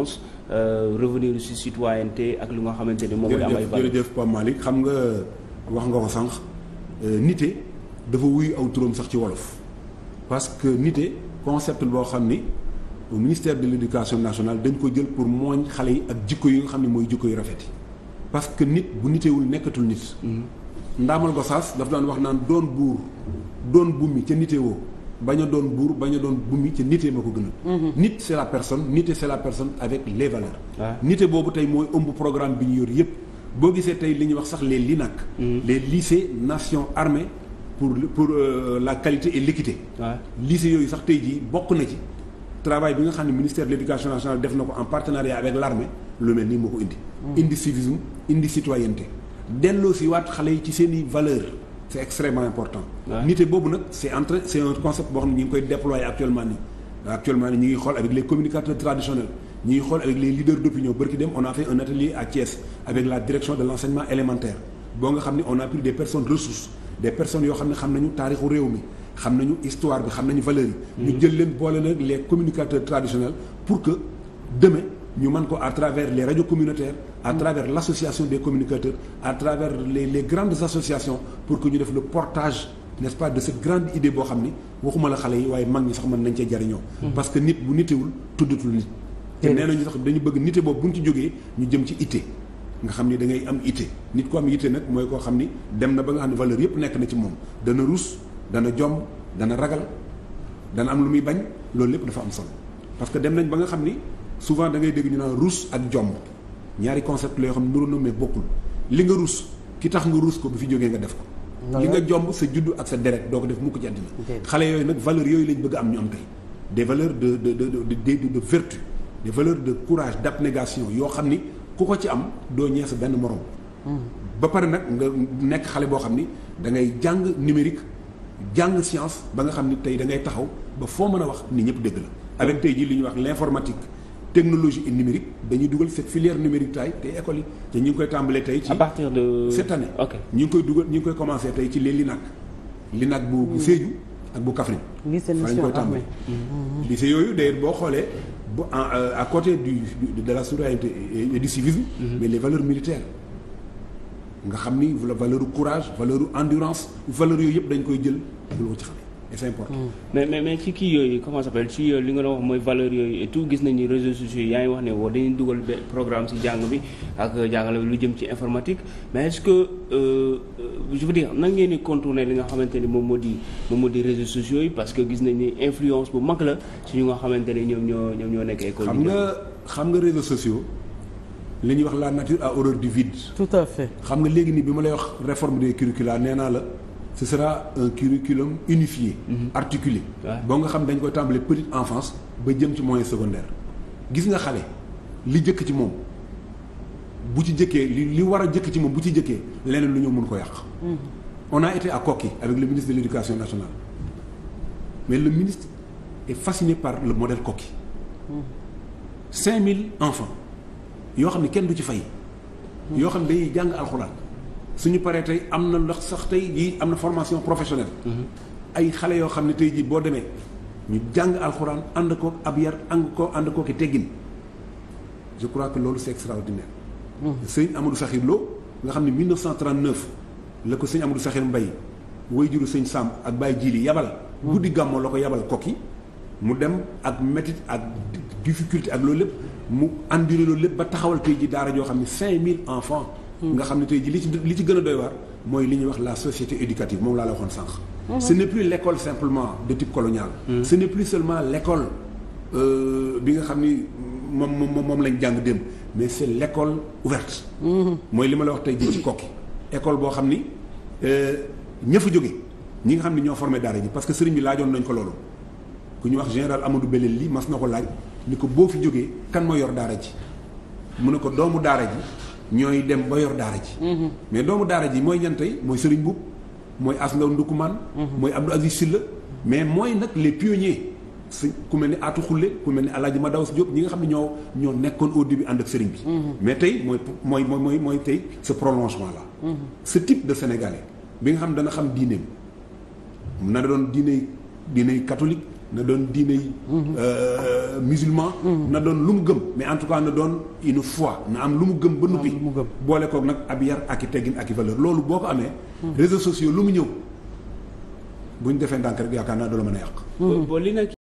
pense euh, revenir ci citoyenneté ak lu nga xamante ni moom ay valeur jërëjëf Pape xam nga wax nga ko sànq euh, nite dafa wuyu aw sax ci wolof parce que nite concept boo xam ni ministère de l' nationale dañ ko jël pour mooñ xale yi ak jikko yi nga xam ne mooy jikko yu rafet yi parce que nit bu nitewul nekkatul nit mhm. ndaamal Gosaas daf daan wax naan doon buur doon bummi ca nitewoo bañ doon buur bañ a doon bumi ci nite ma ko gënal. Mhm. nit c'est la personne nite c'est la personne avec les valeurs. nite boobu tey mooy ëmb programme bi ñu yor yëpp boo gisee tey li ñuy wax sax les LINAC. Mhm. les lycées nations armées pour pour euh, la qualité et l'équité. lycée yooyu sax tey jii bokk na ci travail bi nga xam ne ministère de l'éducation nationale def na ko en partenariat avec l'armée lu mel nii moo ko indi. Mhm. indi civisme indi citoyenneté delloo si waat xale yi ci seen i valeurs. c' est extrêmement important. nité boobu nag c' est en train c' est un concept boo xam ne ñu ngi koy déployer actuellement nii. actuellement nii ñu ngi xool avec les communicateurs traditionnels ñu ngi xool avec les leaders d' bërki dem on a fait un atelier à Thiès avec la direction de l' enseignement élémentaire boo nga xam ne on a pris des personnes ressources des personnes yoo xam ne xam nañu taarixu réew mi. xam nañu histoire bi xam nañu valeur ñu man ko à travers les rajo communautaires à travers l' association des communicateurs à travers les les grandes associations pour que ñu def le portage n'est-ce pas de cette grande idée boo xam ni waxuma la xale yi waaye mag ñi sax mën nañ cee jariñoo mm-hmm. parce que nit bu nitewul tuddatul nit te nee nañu sax dañu bëgg nite boobu bu ñu ci jógee ñu jëm ci itte nga xam ni da ngay am itte nit ko am itte nag mooy koo xam ni dem na ba nga xam ne valeur yëpp nekk na ci moom dana rus dana jomb dana ragal dana am lu muy bañ loolu lépp dafa am solo parce que dem nañ ba nga xam ni souvent da ngay dégg ñu naan rus ak jomb ñaari concept la yoo xam ne nuru na mais bokkul li nga rus ki tax nga ruus ko bu fi jógee nga def ko li nga jomb sa juddu ak sa deret doo ko def mukk ci àddina xale yooyu nag valeurs yooyu lañ bëgg am ñu am tey des valeurs de de de de de vertu des valeurs de courage d'abnégation yoo xam ni ku ko ci am doo sa benn morom hmm. ba pare nag nga nekk xale boo xam ni da ngay jàng numérique jàng science ba nga xam ni tey da ngay taxaw ba foo mën a wax ni ñëpp dégg la jii li ñuy wax l'informatique technologie et numérique dañuy dugal cette filière numérique tay tey école yi te ñu ngi koy tàmbalee tey ci à partir de cette ñu ngi koy dugal ñu ngi koy commencé tey ci les LINAC li nag bu mm. Sédhiou ak bu Kaffrine fa lañ koy tàmbalee mm-hmm. lycée yooyu d'ailleurs boo xoolee bu euh, à côté du de la citoyenneté et du civisme mm-hmm. mais les valeurs militaires nga xam ni valeur courage valeur endurance valeur yooyu yëpp dañ koy jël loolu ci xam et c'est mm. mais mais mais ci kii yooyu comment ça s'appelle ci li nga doon wax mooy valeur yooyu et tout gis nañu réseaux sociaux yi yaa ngi wax ne woo dañuy dugal programme ci jàng bi ak jàngale lu jëm ci informatique mais est-ce que euh, je veux dire nan ngeen di contourner li nga xamante ni moom moo di moom moo di réseaux sociaux yi parce que gis nañ ni influence bu mag la ci ñu nga xamante ni ñoom ñoo ñoom ñoo nekk école. xam nga xam nga réseaux sociaux. li ñuy wax la nature a horreur du xam nga léegi nii bi ma lay wax réforme des curricula nee naa la. ce sera un curriculum unifié mhm. articulé boo nga xam dañ koy tàmbale petite enfance ba jëm ci moyen secondaire gis nga xale li jëkk ci moom bu ci jëkkee li li war a jëkk ci moom bu ci jëkkee leneen lu ñëw mun ko yàq mhm. on naa été à Koki avec le ministre de l'éducation nationale mais le ministre et fasciné par le model Koki mhm. cinq mille enfants yoo xam ne kenn du ci fay yoo xam ne dañuy jàng alxuraan suñu paree tey am na ndox sax tey jii am na formation professionnelle. Mm-hmm. ay xale yoo xam ne tey jii boo demee ñu jàng alxuraan ànd kook ab yar ànd ko ànd kooki teggin je crois que loolu c'est extraordinaire. Mm-hmm. sëñ Amadou Sakhir Lo nga xam ne 1939 la ko sëñ Amadou Sakhir mbay way juru sëñ Samb ak Baye Jili yabal. Mm-hmm. guddi gàmmoo la ko yabal yi mu dem ak métit ak difficulté ak loolu lépp mu àndile loolu lépp ba taxawal tey jii daara joo xam ne 5000 enfants. Mm-hmm. nga xam ne tey ji li ci li ci gën a doy waar mooy li ñuy wax la société éducative moom laa la waxoon sànq. Mm-hmm. ce n'est plus l'école simplement de type colonial. Mm-hmm. ce n'est plus seulement l'école euh, bi nga xam ni moom moom moom lañ jàng dem mais c'est l'école ouverte. mooy li ma la wax tey ji ci kokki école boo xam ni euh, ña fa jóge ñi nga xam ni ñoo formé daara ji parce que sëriñ bi laajoon nañ ko loolu ku ñu wax général Amadou Belel li mas na ko laaj ni ko boo fi jógee kan moo yor daara ji mu ne ko doomu daara ñooy dem ba yor daara ji. Mhm. mais doomu daara ji mooy ñan tey mooy Serigne Boub mooy Asndaw Ndukumaan. Mhm. mooy Abdou Aziz Sylla mais mooy nag les pionniers si ku mel ni Atou Khoule ku mel ni El Hadj Madawas Diop ñi nga xam ne ñoo ñoo nekkoon au début ànd ak Serigne bi. Mhm. mais tey mooy mooy mooy mooy tey ce prolongement là. ce type de sénégalais bi nga xam ne dana xam diineem na doon diiney diiney catholique. na doon diine yi mhm. euh, musulman mhm. na doon lu mu gëm mais en tout cas na doon une foi na am lu mu gëm ba nuppi boole koog nag ab yar ak i teggin ak i loolu boo ko amee mhm. réseaux sociaux lu mu ñëw bu ñu defee ndànk rek yaakaar naa du la mën a yàq